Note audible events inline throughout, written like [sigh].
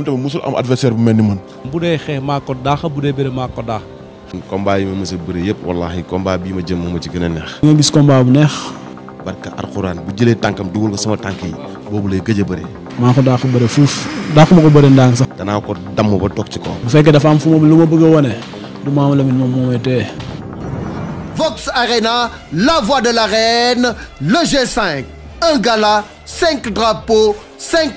moom tamit mosul am adversaire bu mel ni man. bu dee xeex maa ko daax bu dee bëre maa ko daax. combat yi ma mës a bëri yëpp wallaahi combat bii ma jëm moo ma ci gën a neex. nga gis combat bu neex. barka alxuraan bu jëlee tànkam dugal ko sama tànk yi boobu lay gëj a bëri. maa ko daax bëri fuuf daax ko bëri ndànk sax. danaa ko damm ba toog ci kaw. a la voix de l'arène le G5 un gala cinq drapeaux cinq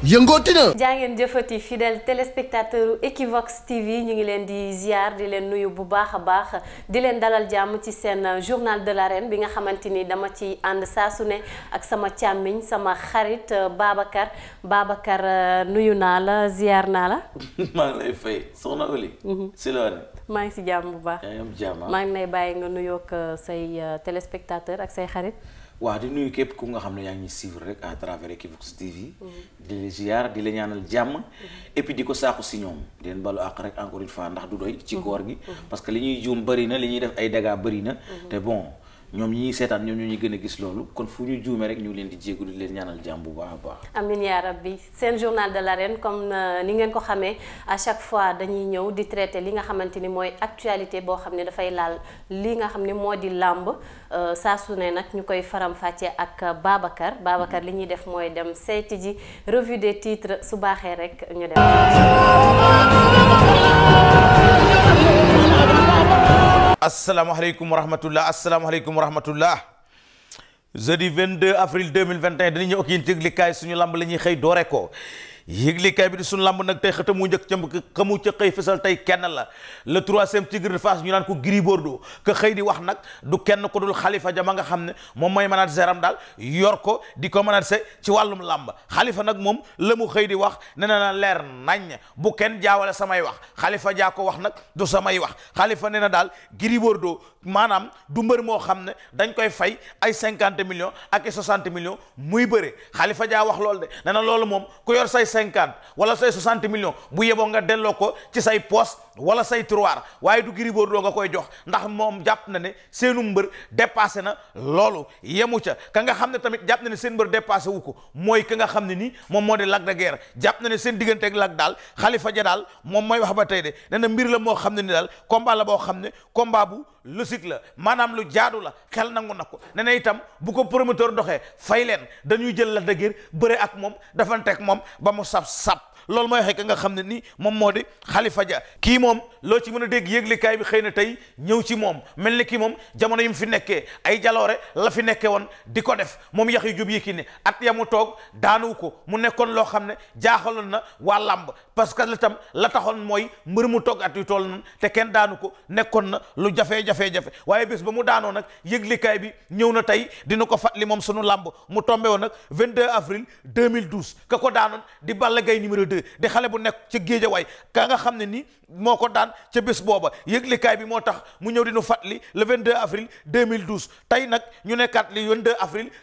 yëngooti na. jaa ngeen jëfati fidèle téléspectateur Equivox TV ñu ngi leen di ziar di leen nuyu bu baax a baax di leen dalal jàmm ci seen journal de la l'arène bi nga xamante ni dama ci ànd saa su ne ak sama càmmiñ sama xarit euh, Babacar Babacar euh, nuyu naa la ziar naa la. [laughs] maa ngi lay fay soxna Oli. Mhm. si maa ngi si jàmm bu baax. maa ngi lay bàyyi nga nuyook euh, say téléspectateur ak say xarit. waaw di nuyu képp ku nga xam ne yaa ngi suivre rek à travers Equivox TV. Mhm. di leen ziar di leen ñaanal jàmm. Mhm. et di ko saaku si ñoom den leen balu àq rek encore une fois ndax du doy. ci mhm. koor gi parce que li ñuy juum bëri na li ñuy def ay dégâts bëri na. te bon. ñoom ñi seetaan ñoom ñoo ñu gën gis loolu kon fu ñu juumee rek ñu leen di jégalu di leen ñaanal jàmm bu baax a baax. amiin yaa rabbi seen journal de l'arène comme euh, ni ngeen ko xamee à chaque fois dañuy ñëw di traité li nga xamante ni mooy actualité boo xam ne dafay laal li nga xam ne moo di làmb euh, saa su ne nag ñu koy faram-fàccee ak Babacar Babacar li ñuy def mooy dem seeti ji revue des titres su baaxee rek ñu dem. asalaamaaleykum wa rahmatullah asalaamaaleykum wa rahmatullah jeudi 22 avril 2021 dañu ñëw ak yéen ci yëglikaay suñu lamb la ñuy xëy doore ko yëglikaay bi di sunu lamb nag tey xëtamu njëkk ca xamu ca xëy fesal tey kenn la le troisième tigre de Fass ñu naan ko Gris Bordeaux ka xëy di wax nag du kenn ko dul xalifa jama nga xam ne moom mooy mënaat seram daal yor ko di ko mënaat se ci wàllum làmb xalifa nag moom la mu xëy di wax ne na leer nañ bu kenn jaawale samay wax xalifa jaa ko wax nag du samay wax xalifa ne na daal Gris doo maanaam du mbër moo xam ne dañ koy fay ay cinquante millions ak i soixante millions muy bëre Khalifa jaa wax loolu de nee loolu moom ku yor say cinquante wala say soixante millions bu yeboo nga delloo ko ci say poos wala say tiroir waaye du Gris doo nga koy jox ndax moom jàpp na ne seenu mbër dépassé na loolu yemu ca ka nga xam ne tamit jàpp na ne seen mbër dépassé wu ko mooy ka nga xam ne nii moom moo di Lac de Guiers jàpp na ne seen diggante ak Lac daal Khalifa mooy wax ba tey de nee mbir la moo xam ne ni daal combat boo xam ne combat bu logique la maanaam lu jaadu la xel nangu na ko nee itam bu ko promoteur doxee fay leen dañuy jël la dëgër bëre ak moom dafanteeg moom ba mu saf sap loolu mooy xëy nga xam ne nii moom moo di xalifa Dia kii moom loo ci mën a dégg yëglekaay bi xëy na tey ñëw ci moom mel ni kii moom jamono yi mu fi nekkee ay jaloore la fi nekkee woon di ko def moom yax yu jub yi ki ne at ya mu toog daanu ko mu nekkoon loo xam ne jaaxaloon na waa làmb parce que la tam la taxoon mooy mbër mu toog at yu tool noonu te kenn daanu ko nekkoon na lu jafe-jafe-jafe waaye bés ba mu daanoo nag yëglikaay bi ñëw na tey dina ko li moom sunu làmb mu tombé woon nag 22 avril 2012 ka ko daanoon di Balla Gaye numéro 2 di xale bu nekk ca Géejawaay ka nga xam ne ni moo ko daan ca bés booba yëglikaay bi moo tax mu ñëw dinu di nu deux le deux mille 2012 tey nag ñu nekkaat li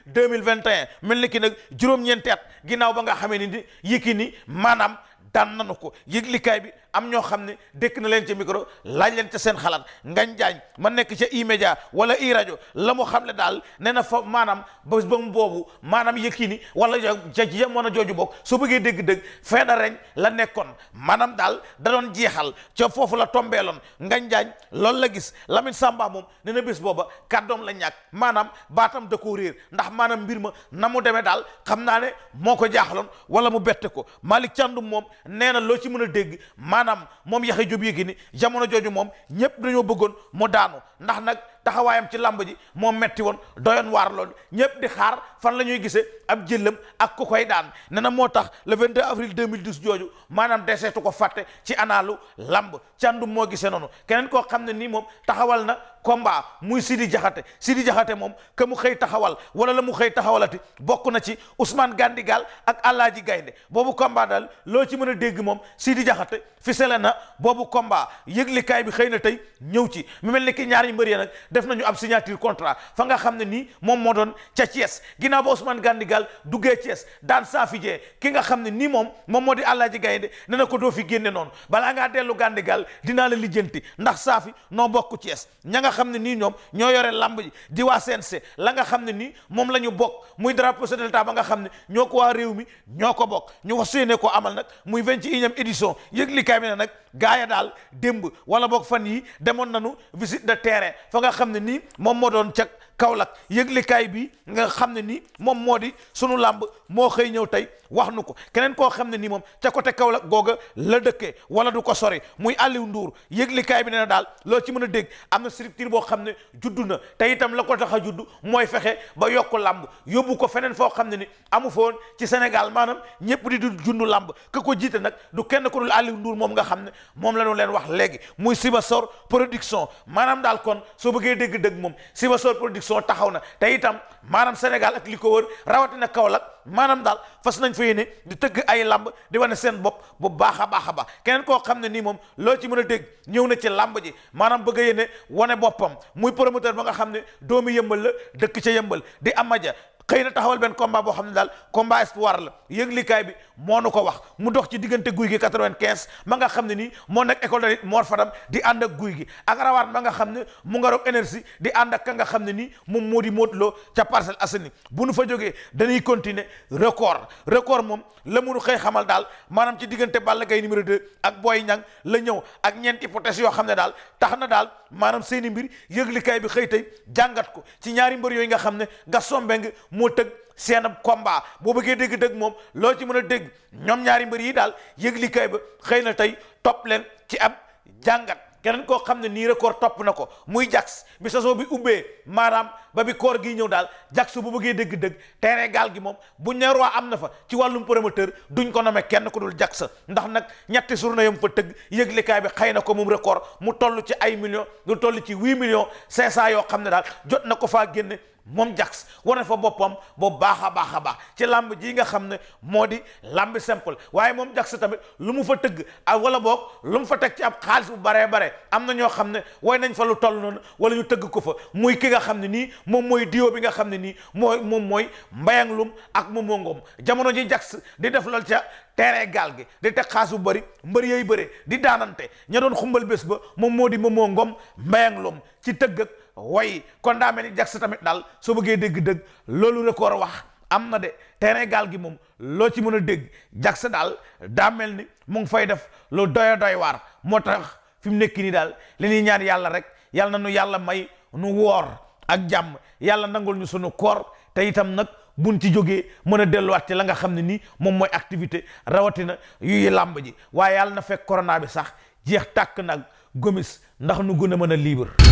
deux mille vingt 2021 mel ni ki nag juróom-ñeenti at ginnaaw ba nga xamee ni ni maanaam daan nanu ko yëglikaay bi am ñoo xam ne dékk na leen ca micro laaj leen ca seen xalaat ngañ jaañ ma nekk ca e-média wala e-radio la mu xam ne daal nee na fa maanaam bés ba mu boobu maanaam Yékini wala ca jamono jooju bokk soo bëggee dégg-dégg fin de règne la nekkoon maanaam daal da jeexal ca foofu la tombeeloon ngañ jaañ loolu la gis lamit Samba moom nee na bés booba kàddoom la ñàkk maanaam baatam da koo réer ndax maanaam mbir ma na mu demee daal xam naa ne moo ko jaaxaloon wala mu bette ko Malick Thiandoum moom nee na loo ci mën a dégg maanaam moom Yaxya Jóob Yékini jamono jooju moom ñépp dañoo bëggoon mu daanu ndax nag taxawaayam ci làmb ji moo metti woon doyoon waar loolu ñëpp di xaar fan la ñuy gisee ab jëllam ak ko koy daan ne na moo tax le 22 avril 2012 jooju maanaam deseetu ko fàtte ci anaalu làmb càndum moo gisee noonu keneen koo xam ne nii moom taxawal na combat muy Sidi Jaxate Sidi Jaxate moom que mu xëy taxawal wala la mu xëy taxawalati bokk na ci Ousmane Gandigal ak Alaaji Gaynde boobu combat daal loo ci mën a dégg moom Sidi Jaxate fi na boobu combat yëglikaay bi xëy na tey ñëw ci mu mel ni ki ñaar yu mbër def nañu ab signature contrat fa nga xam ne nii moom moo doon ca Thiès ginnaaw ba Ousmane Gandigal duggee Thiès daan saafijee ki nga xam ne nii moom moom moo di Alaaji Gaynde ne na ko doo fi génne noonu balaa ngaa dellu Gandigal dinaa la lijjanti ndax saafi noo bokk Thiès ña nga xam ne nii ñoom ñoo yore làmb ji di waa CNC la nga xam ne nii moom lañu bokk muy drapeau de l'État ba nga xam ne ñoo ko waa réew mi ñoo ko bokk ñu wax suyéene ko amal nag muy vingt et unième édition yëg li kaay bi nag gaaya daal démb wala boog fan yi demoon nañu visite de terrain fa xam ne nii moom moo doon cag Kaolack yëglikaay bi nga xam ne nii moom moo di sunu làmb moo xëy ñëw tey wax nu ko keneen koo xam ne nii moom ca côté Kaolack googa la dëkkee wala du ko sori muy Aliou Ndour yëglikaay bi ne na daal loo ci mën a dégg am na structure boo xam ne juddu na te itam la ko tax a juddu mooy fexe ba yokk làmb yóbbu ko feneen foo xam ne ni amu foon ci Sénégal maanaam ñëpp di du jundu làmb ka ko jiite nag du kenn ko dul Aliou Ndour moom nga xam ne moom la ñu leen wax léegi muy Sibassor production maanaam daal kon soo bëggee dégg dëgg soo taxaw na te itam maanaam Sénégal ak li ko wër rawatina Kaolack maanaam daal fas nañ fa yéene di tëgg ay lamb di wane seen bopp bu baax a baax a baax keneen koo xam ne nii moom loo ci mën a dégg ñëw na ci lamb ji maanaam bëgg a yéene wane boppam muy promoteur ba nga xam ne doomi yëmbal la dëkk ca yëmbal di amaja xëy na taxawal benn combat boo xam ne daal combat espoir la yëglikaay bi moo nu ko wax mu dox ci diggante guy gi 95 ma nga xam ne nii moo nekk école de Mor Fadam di ànd ak guy gi ak rawaat ma nga xam ne mu nga roog énergie di ànd ak ka nga xam ne nii moom moo di móotuloo ca Parcelles Assainies bu nu fa jógee dañuy continuer record record moom la munu xëy xamal daal maanaam ci diggante Balla Gaye numéro de ak Boy Niang la ñëw ak ñeenti hypothèse yoo xam ne daal tax na daal maanaam seeni mbir yëglikaay bi xëy tey jàngat ko ci ñaari mbër yooyu nga xam ne Gaston Mbengue moo tëgg seen combat boo bëggee dégg dëgg moom loo ci mën a dégg ñoom ñaari mbër yi daal yëgli kay ba xëy na tey topp leen ci am jàngat keneen koo xam ne nii record topp na ko muy jax bi saison bi ubbee maanaam ba bi koor gi ñëw daal jax bu bëggee dégg-dëgg terrain gaal gi moom bu ñerwaa am na fa ci wàllum promoteur duñ ko nome kenn ku dul jax ndax nag ñetti journée yam fa tëgg yëglekaay bi xëy na ko moom record mu toll ci ay millions lu toll ci huit millions cinq cent yoo xam ne daal jot na ko faa génne moom Jax wane fa boppam bu baax a baax a baax ci làmb ji nga xam ne moo di làmb simple waaye moom Jax tamit lu mu fa tëgg ak wala boog lu mu fa teg ci ab xaalis bu baree bare am na ñoo xam ne way nañ fa lu toll noonu wala ñu tëgg ko fa muy ki nga xam ne nii moom mooy diwo bi nga xam ne nii mooy moom mooy mbayang lum ak moom moo ngoom jamono ji Jax di def lool ca terrain gaal gi di teg xaas bu bari mbër yooyu bëri di daanante ña doon xumbal bés ba moom moo di moom ngoom mbayang ci tëgg way kon daa mel ni Jax tamit daal soo bëggee dégg-dëgg loolu record wax am na de terrain gaal gi moom loo ci mën a dégg Jax daal daa mel ni mu ngi fay def lu doy doy waar moo tax fi mu nekk nii daal li ñuy ñaan yàlla rek yàlla na nu yàlla may nu woor ak jàmm yàlla nangul sunu koor te itam nag buñ ci jógee mën a delluwaat ci la nga xam ne nii moom mooy activité rawatina yuy làmb ji waaye yàlla na fekk corona bi sax jeex tàkk nag gomis ndax nu gën a mën a libre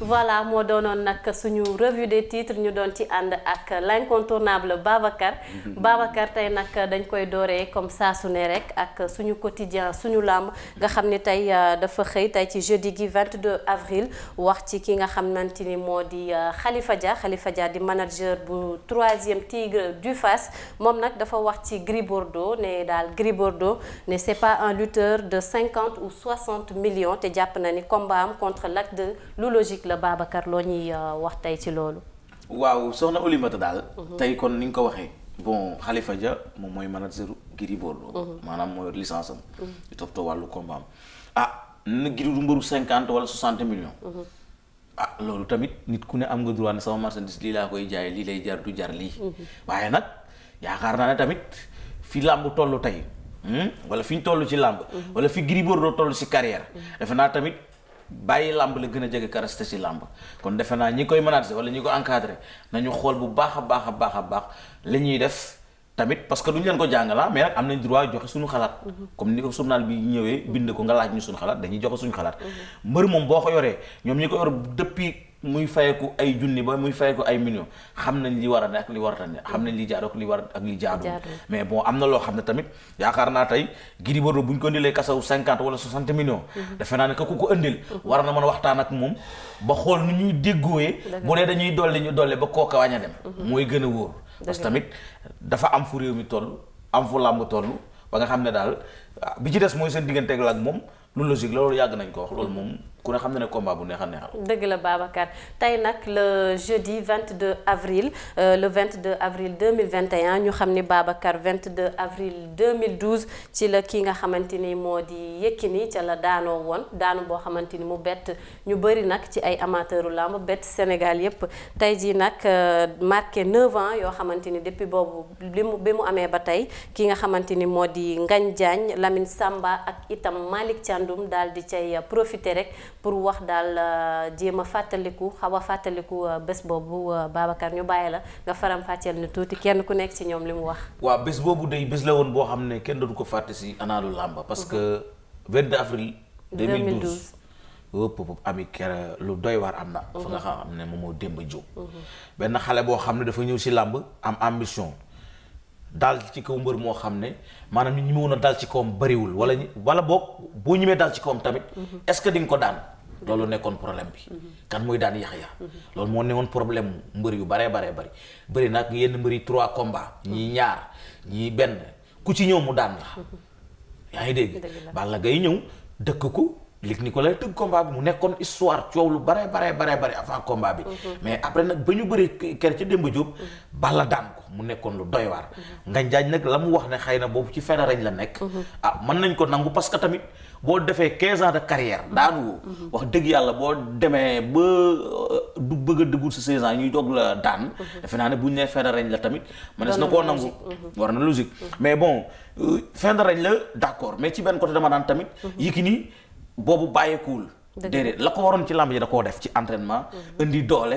voilà moo doonoon nag suñu revue des titres ñu doon ci ànd ak l'incontournable Babacar mhm. Babacar tey nag dañ koy dooree comme saa su ne rek ak suñu quotidien suñu làmb nga xam ni tey euh, dafa xëy tey ci jeudi gi 22 avril wax ci ki nga xam xamante ni moo di xalifa euh, Dia xalifa Dia di manager bu troisième tigre du Fass moom nag dafa wax ci Gris Bordeaux ne daal Gris Bordeaux ne c'est pas un lutteur de 50 ou 60 millions te jàpp na ni combat am contre Lac lu logique la Babacar loo ñuy euh, wax tey ci loolu. waaw soxna Oulimata daal. Mhm. tey kon ni nga ko waxee. bon xalifa ja moom mooy manager Gris Bordeaux. Mhm. maanaam mooy licence am. Mhm. di toppatoo wàllu combat am ah na Gris du mbëru cinquante wala soixante million ah loolu tamit nit ku ne am nga droit ne sama marchandise lii laa koy jaay lii lay jar du jar lii. waaye nag yaakaar naa ne tamit fi làmb toll tey. Hmm, wala fi ñu toll ci làmb. wala fi Gris Bordeaux toll ci carrière. defe naa tamit. bàyyi làmb la gën a jege ka resté ci làmb kon defe naa ñi koy manager wala ñi ko encadré nañu xool bu baax a baax a baax a baax li ñuy def tamit parce que duñu leen ko jàngalaa ah, mais nag am nañ droit joxe suñu xalaat mhm. comme ni ko journal bi ñëwee bind ko nga laaj ñu suñu xalaat dañuy joxe suñu xalaat mhm. mbër moom boo ko yoree ñoom ñi ko yor depuis muy fayeku ay junni ba muy fayeku ay million xam nañ li war a ne ak li war a ne xam nañ li jaadu ak li war ak li jaadu mais bon am na loo xam ne tamit yaakaar naa tey Gris Bordeaux bu ñu ko indilee kasaw cinquante wala soixante millions mhm. defe naa ne ku ko indil mhm. war na mën a waxtaan ak moom ba xool nu ñuy déggoowee bu dee dañuy dolli ñu dolli ba kooka wañ a dem mhm. mooy gën a wóor parce que tamit dafa am fu réew mi toll am fu làmb toll ba nga xam ne daal ah, bi ci des mooy seen diggante ak moom lu loolu yàgg nañ ko wax loolu moom ku ne xam na ne combat bu neex a neexal. dëgg la Babacar tey nag le jeudi 22 avril euh, le 22 avril 2021 ñu xam ni Babacar 22 avril 2012 ci la ki nga xamante ni moo di Yékini ca la daanoo woon daanu boo xamante ni mu bett ñu bëri nag ci ay amateuru làmb bett Sénégal yépp tey jii nag euh, marqué 9 ans yoo xamante ni depuis boobu li mu bi mu amee ba tey ki nga xamante ni moo di ngañ Diagne lamin Samba ak itam Malick Thiandoum daal di cay profité rek. pour wax daal euh, jéem a fàttaliku xaw a fàttaliku euh, bés boobu euh, Babacar ñu bàyyi la nga faram fàcceel ni tuuti kenn ku nekk ci ñoom li mu wax. waaw bés boobu day bés la woon boo xam ne kenn dootu ko fàtte si anaalu làmba parce que 22 avril. 2012 wëpp wëpp ami kere lu doy waar am na. fa nga mhm. xam ne moom moo démb jóg. Mhm. benn xale boo xam ne dafa ñëw si làmb am ambition. daal ci kaw mbër moo xam ne maanaam ñi ma woon a daal ci kawam bëriwul wala wala boog boo ñimee daal ci kawam tamit mhm. est-ce que di ko daan mhm. loolu nekkoon problème bi mhm. kan muy daan yax ya loolu moo newoon problème mbër yu baree baree bari bëri nag yenn mbër yi trois combats ñii ñaar ñii benn ku ci ñëw mu daan la yaa ngi dégg Balla Gaye ñëw dëkk ko Luc Nicolaï tëgg combat bi mu nekkoon histoire coow lu bare bare bare bare avant combat bi. Mhm. mais après nag ba ñu bëri ker ci Demba Diop. Mhm. Balla daan ko mu nekkoon lu doy waar. Mhm. ngañ jaañ nag la mu wax ne xëy na boobu ci fenn la nekk. ah mën nañ ko nangu parce que tamit boo defee 15 ans de carrière daanu wax dëgg yàlla boo demee ba euh, du bëgg a si 16 ñuy doog la daan. defe naa ne bu ñu nee fenn la tamit. mënees na koo nangu war na logique. mais bon euh, fenn la d' accord mais ci benn côté dama daan tamit. Yékini boobu bàyyeekuwul. déedéet la ko waroon ci làmb ji da koo def ci entraînement. Mhm. indi doole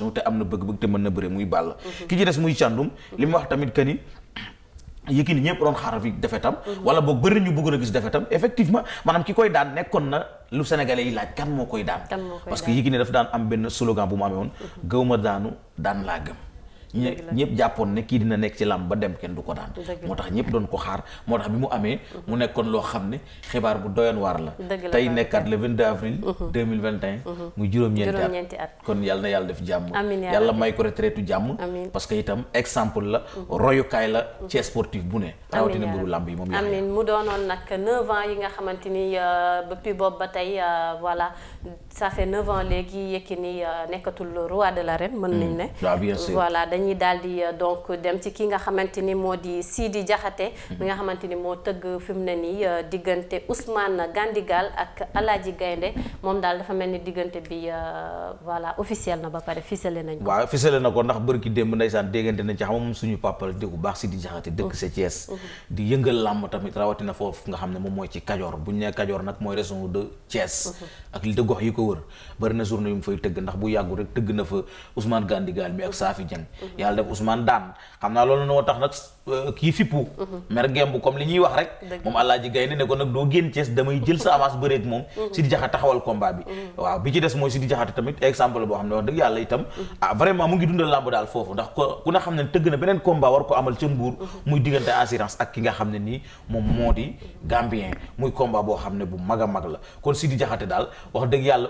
attention te am na bëgg-bëgg te mën na bëri muy Balla ki ci des muy càndum li mu wax tamit que ni Yékini ñëpp doon xaar fi tam wala boog bëri ñu bëggoon a gis tam effectivement maanaam ki koy daan nekkoon na lu sénégalais yi laaj kan moo koy daan parce que Yékini daf daan am benn slogan bu mu amee woon mhm. gëw ma daanu daan laa gëm ñëpp jàppoon ne kii dina nekk ci làmb ba dem kenn du ko daan moo tax ñëpp doon ko xaar moo tax bi mu amee mhm. mu nekkoon loo xam ne xibaar bu doyoon waar la tey nekkaat le 22 avril mhm. mhm. muy juróom-ñeenti at kon yàlla na yàlla def jàmm yàlla may ko retraitu jàmm parce itam exemple la royukaay la ci sportif bu ne rawatina mburu làmb yi moom mu yi nga xamante ni euh, depuis boobu ba tey euh, voilà ça fait neuf ans léegi Yékini euh, nekkatul roi de l'arène mën nañ mm. ne voilà dañuy daal di euh, donc dem ci ki nga xamante ni moo di Sidi Diakhaté mm-hmm. mi nga xamante ni moo tëgg fi mu ne nii euh, diggante Ousmane Gandigal ak Alaaji Gaynde moom daal dafa mel ni diggante bi voilà officiel na ba pare ficelé nañ ko waaw ficelé na ko ndax bërki démb ndaysaan déggante nañ ci xam moom suñu papa la déggu baax Sidi Diakhaté mm. dëkk sa Thiès mm-hmm. di yëngal làmb tamit rawatina foofu nga xam ne moom mooy ci Kajoor bu ñu ne Kajoor nag mooy région de Thiès mm-hmm. ak li de ko wër bari na journée yu mu fay tëgg ndax bu yàggu rek tëgg na fa Ousmane Gandigal mi ak Safi Dieng mhm. yàlla def Ousmane daan xam naa loolu noo tax nag euh, kii fippu mhm. mer gembu comme li ñuy wax rek moom Alaaji Gaynde ne ko nag doo génn Cees damay jël sa avance bëreeg moom mhm. Sidi Diakhaté taxawal combat bi waaw bi ci des mooy Sidi Diakhaté tamit exemple boo xam ne wax dëgg yàlla itam ah vraiment mu ngi dundal làmb daal foofu ndax ku ne xam ne tëgg na beneen combat war ko amal ca Mbuur muy diggante ak ki nga xam ne nii moom moo di Gambien muy combat boo xam ne bu mag a mag la kon Sidi Diakhaté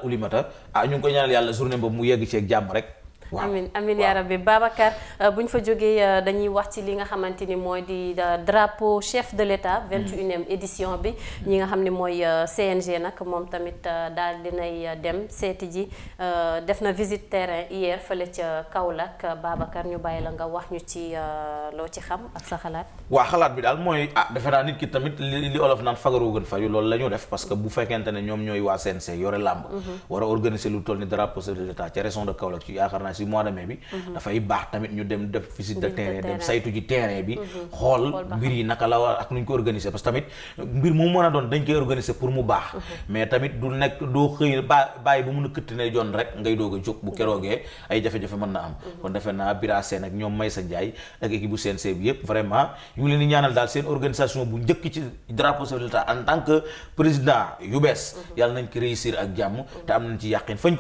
Ulimata ah ñu ngi koy ñaanal yàlla journée boobu mu yegg ci jàmm rek amin amin yaa rabbi Babacar euh, bu ñu fa jógee euh, dañuy wax ci li nga xamante ni mooy di euh, drapeau chef de l'état 21e mm. édition bi ñi nga xam ni mooy CNG nag moom tamit daal dinay dem seeti ji def na visit terrain hier fële ca Kaolack Babacar ñu bàyyi la nga wax ñu ci loo ci xam ak sa xalaat waaw xalaat bi daal mooy ah defe naa nit ki tamit li olof naan fagaru gën fayu loolu la ñu def parce que bu fekkente ne ñoom ñooy waa CNG yore làmb mm-hmm. war a si mois de mai bi mhm. dafay baax tamit ñu dem def visite de terrain dem saytu ji terrain bi mhm. xool mbir yi naka la war ak nuñ ko organiser parce que tamit mbir mu mën a doon dañ koy organiser pour mu baax mhm. mais tamit du nekk doo xëy ba bàyyi ba mun a këtt ne jon rek ngay doog a jóg bu keroogee ay jafe-jafe man na am kon defe naa Bira Sène ak ñoom Maysa Ndiaye ak équipe bu CNC bi yépp vraiment ñu leen di ñaanal daal seen organisation bu njëkk ci drapeau chef de l'État en tant que yu bees yàlla nañ ko réussir ak jàmm te am nañ ci yàqin fañ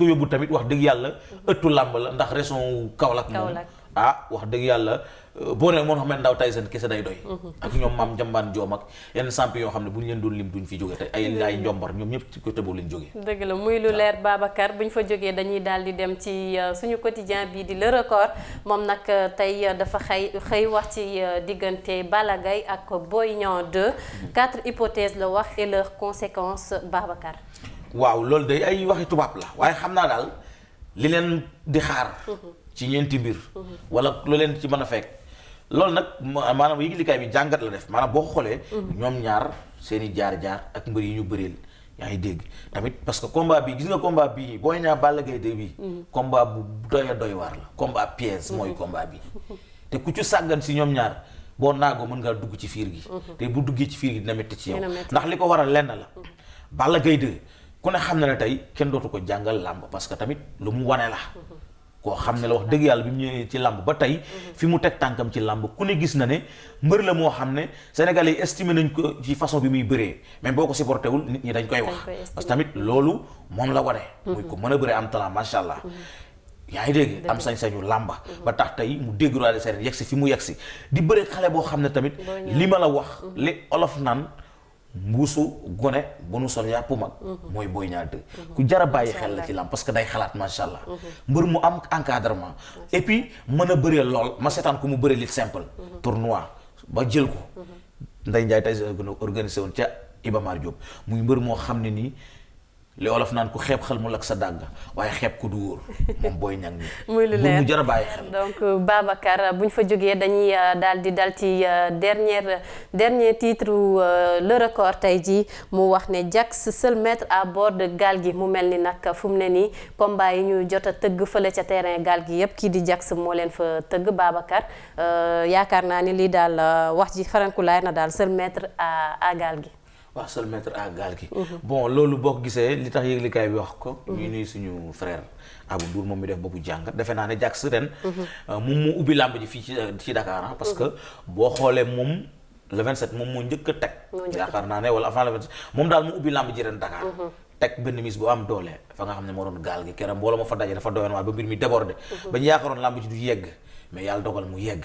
ndax région wu ah wax dëgg yàlla euh, boo nee moom xam ndaw tay seen kese day doy mhm. ak ñoom maam jambaan joom ak yenn samp yoo xam ne bu ñu leen doon lim duñ fi jóge tey ay ay njombar ñoom ñëpp ci côté boobu lañ jóge dëgg la muy lu leer Babacar bu ñu fa jógee dañuy daal di dem ci euh, suñu quotidien bii di le record moom nag euh, tey dafa xëy xëy wax ci diggante Balla Gaye ak Boy Niang 2 mhm. quatre hypothèses la wax et leurs conséquences Babacar waaw loolu day ay waxi li leen di xaar. ci ñeenti mbir. wala lu leen ci mën a fekk. loolu nag maanaam yëglikaay bi jàngat la def maanaam boo xoolee. ñoom ñaar seen i jaar-jaar ak mbër yi ñu bëreel yaa ngi dégg tamit parce que combat bi gis nga combat bii Boy Niang Balla Gaye 2 bi combat bu doy a doy waar la combat pièce mooy combat bi te ku ci sàggan si ñoom ñaar boo naagoo mën ngaa dugg ci fiir gi te bu duggee ci fiir gi dina métti ci yow ndax li ko war a lenn la Balla Gaye ku ne xam na ne tey kenn dootu ko jàngal làmb parce que tamit lu mu wane la. koo xam ne la wax dëgg yàlla bi mu ñëwee ci làmb ba tey fi mu teg tànkam ci làmb ku ne gis na ne mbër la moo xam ne sénégal yi estimé nañ ko ci façon bi muy bëree mais boo ko supporté wul nit ñi dañ koy wax parce tamit loolu moom la wane muy ko mën a bëree am talent macha allah mhm. yaa ngi dégg am sañ-sañu làmba mhm. ba tax tey mu dégg roide sereen yegsi fi mu yegsi di bëree xale boo xam ne tamit li ma la wax mhm. li olof naan mbuusu gone bu nu sol yàpp mag mhm. mooy Boy Niang 2 mhm. ku jara bàyyi xel la ci lam parce que day xalaat macha allah mhm. mbër mu am encadrement et puis mën a bëree lool ma seetaan ko mu bëree lit simple tournoi ba jël ko Ndeye Ndiaye tey gën a organisé woon ca Iba Mar Diop muy mbër moo xam ne nii li olof naan ku xeeb xel mu lakk sa dàgg waaye xeeb ko du wóor moom booy ñang ni [laughs] muy lu leer mu jar xel donc Babacar bu ñu fa jógee dañuy euh, daal di dal ci euh, dernière dernier titre euh, le record tey ji mu wax ne Jax seul maître à bord de gaal gi mu mel ni nag fu mu ne nii combat yi ñu jot a tëgg fële ca terrain gaal gi yépp kii di Jax moo leen fa tëgg Babacar yaakaar naa ni lii daal wax ji farankulaay na daal sel maître à à gaal gi wax seul maître à gaal gi. Mhm. bon loolu boo ko gisee li tax yëglikaay bi wax ko. ñuy nuyu suñu frère Abou Ndour moom mi def boppu jàngat defe naa ne jàkk ren. Mhm. Euh, moom moo ubbi làmb ji fii ci euh, ci Dakar parce que mhm. boo xoolee moom. le 27 moom moo njëkk a teg. yaakaar naa ne wala avant le 27 moom daal mu ubbi làmb ji ren Dakar. teg benn mise bu am doole fa nga xam ne moo doon gaal gi keroog mbooloo ma fa daje dafa doyoon waaye ba mbir mi débordé. ba ñu yaakaaroon làmb mu yegg.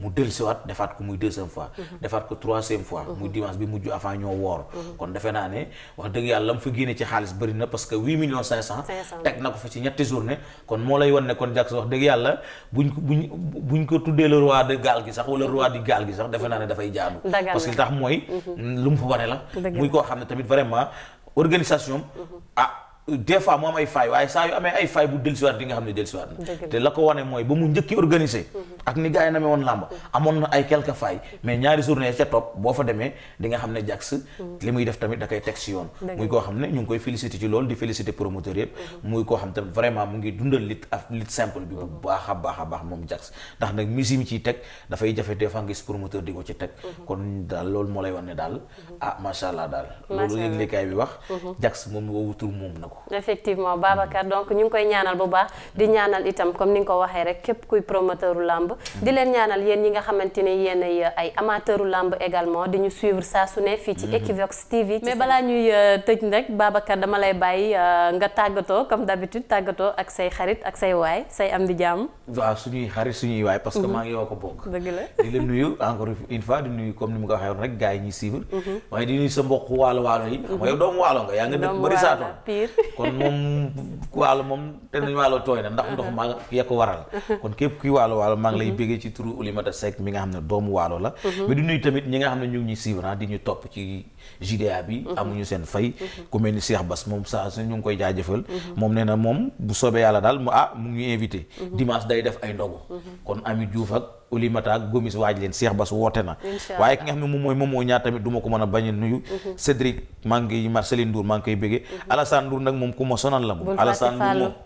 mu dellusiwaat defaat ko muy deuxième fois. Mhm. defaat ko troisième fois. Mhm. muy dimanche bi mujj avant ñoo woor. Mhm. kon defe naa ne wax dëgg yàlla mu fa génne ci xaalis bëri parce que huit millions cinq cent. teg na ko fa ci ñetti journée kon moo lay wan ne kon Jackson wax dëgg yàlla buñ buñ buñ ko tuddee le roi de gaal gi sax wala roi di gaal gi sax defe naa ne dafay jaadu. parce que li tax mooy. lu mu fa wane la. muy koo xam ne tamit vraiment organisation. des fois mu am ay faay waaye saa yu amee ay faay bu dellusiwaat di xam ne dellusiwaat na te la ko wane mooy ba mu njëkki organisé mhm. ak ni gars yi namee woon làmb mhm. amoon na ay quelques faay mhm. mais ñaari journée ca topp boo fa demee di xam ne Jax li muy def tamit da koy teg si yoon muy koo xam ne ñu ngi koy félicité ci loolu di félicité promoteur yëpp muy koo xam tamit vraiment mu ngi dundal lit ak lit simple bi bu baax a baax a baax moom Jax ndax nag ko effectivement Babacar donc ñu ngi koy ñaanal bu baax di ñaanal itam comme ni nga ko waxee rek képp kuy promoteuru làmb di leen ñaanal yéen ñi nga xamante ni yéen ay amateuru làmb également di ñu suivre saa su ne fii ci mm-hmm. Equivox TV mais balaa ñuy euh, tëj nag Babacar dama lay bàyyi euh, nga tàggatoo comme d'habitude tàggatoo ak say xarit ak say waay say am di jàmm waaw suñuy xarit suñuy waay parce que mm-hmm. maa ngi yow ko bokk dëgg la nuyu encore une fois nuyu comme ni mu ko waxee woon rek gars yi suivre mm-hmm. waaye di nuyu sa mbokk waalo waalo yi doomu waalo nga yaa nga dëkk bëri saatoon pire kon moom ku waalo moom te nañ waalo tooy na ndax ndox maa ya ko waral kon képp kuy waalo waalo maa ngi lay béggee ci turu Oulimata Seck mi nga xam ne doomu waalo la mhm. mais du nuy tamit ñi nga xam ne ñu ngi ñuy suivre ah, di ñu topp ci JDA bi mhm. am ñu seen fay mhm. ku mel ni Cheikh Bass moom saa su ñu ngi koy jaajëfal moom nee na moom bu soobee yàlla daal mu ah mu ngi invité dimanche day def ay ndogu kon Ami Diouf ak Oulimata ak Gomis waaj leen Cheikh Bass woote na waaye ki nga xam ne moom mooy moom moo ñaar tamit du ma ko mën a bañ a nuyu mhm. Cédric maa ngi Marceline Ndour maa ngi koy bëggee mhm. Alassane Ndour nag moom ku ma sonal la moom Alassane Ndour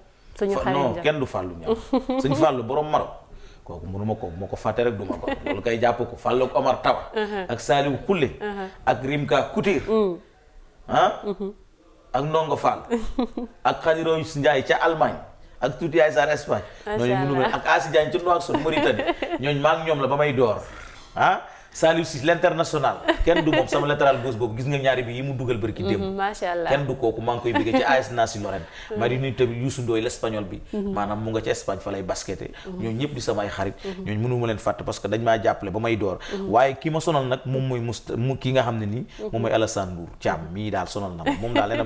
moom non kenn du fàllu ñam suñu fàllu borom maro kooku mënuma ko moo ko fàtte rek du ma ko loolu koy jàpp ko fàllu ak Omar Tawa uh-huh. ak Saliou Khoulé uh-huh. ak Rimka Couture mm. ah mm-hmm. ak Ndongo Fall [laughs] ak Khadiro Ndiaye ca Allemagne ak tuuti yaay Sarr Espagne. ñooñu mënu ma ak Asi Diagne ci Nouakchott Mauritanie [laughs] ñooñu maa ngi ñoom la ba may door ah Saliou Ciss l'international kenn du moom sama latéral gauche boobu gis nga ñaari bi yi mu dugal bërki démb mhm, allah kenn du kooku maa ngi koy bëggee ci AS [laughs] Nancy Lorraine maa di nuyu tamit Youssou Ndoye l'espagnol bi mhm. maanaam mu nga ci Espagne fa lay basketé mhm. ñooñu ñëpp di samay xarit ñooñu mënu ma leen fàtte parce que dañ maa jàppale ba may door waaye ki ma sonal nag moom mooy must ki nga xam ne nii moom mooy Alassane Ndour Thiam mii daal sonal na ma moom daal leen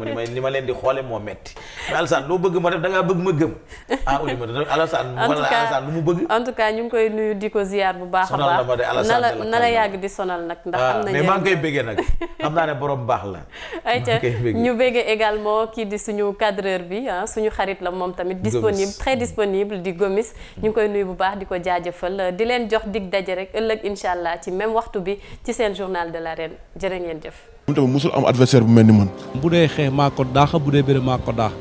yàgg di sonal nag. ndax ah. am na mais maa ngi koy béggee nag xam naa ne borom baax la. ay ayca ñu béggee également kii di suñu cadreur bi ah suñu xarit la moom tamit. disponible très disponible di Gomis. ñu koy nuyu bu baax di ko jaajëfal di leen jox dig daje rek ëllëg incha allah ci même waxtu bi ci seen journal de l'arène jërë ngeen jëf. moom tamit mosul am adversaire bu mel ni man. bu dee xee maa ko daax bu dee bëre maa ko daax.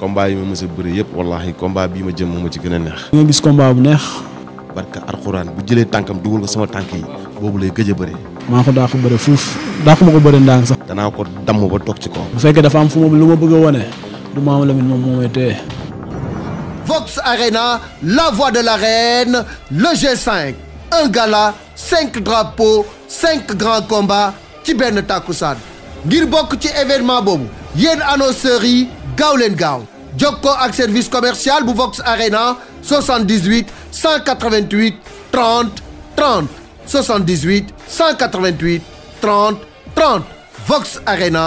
combat yi ma mës a bëri yëpp wallaahi combat bii ma jëm moo ma ci gën a neex. ñoo gis combat bu neex. barka alxuraan boobu lay gëj a bëri maa ko daa ko bëri fuuf daa ma ko bëri ndànk sax danaa ko damm ba toog ci kaw bu fekkee dafa am fu moom lu ma bëgg a du maam Lamine moom moo may téye Vox la voix de l'arène le G5 un gala cinq drapeaux cinq grands ci benn takkusaan ngir bokk ci événement boobu yéen annonceurs yi gaaw leen gaaw jokkoo ak service commercial bu Vox Arena 78 188 30 30 78 188 30 30 Vox Arena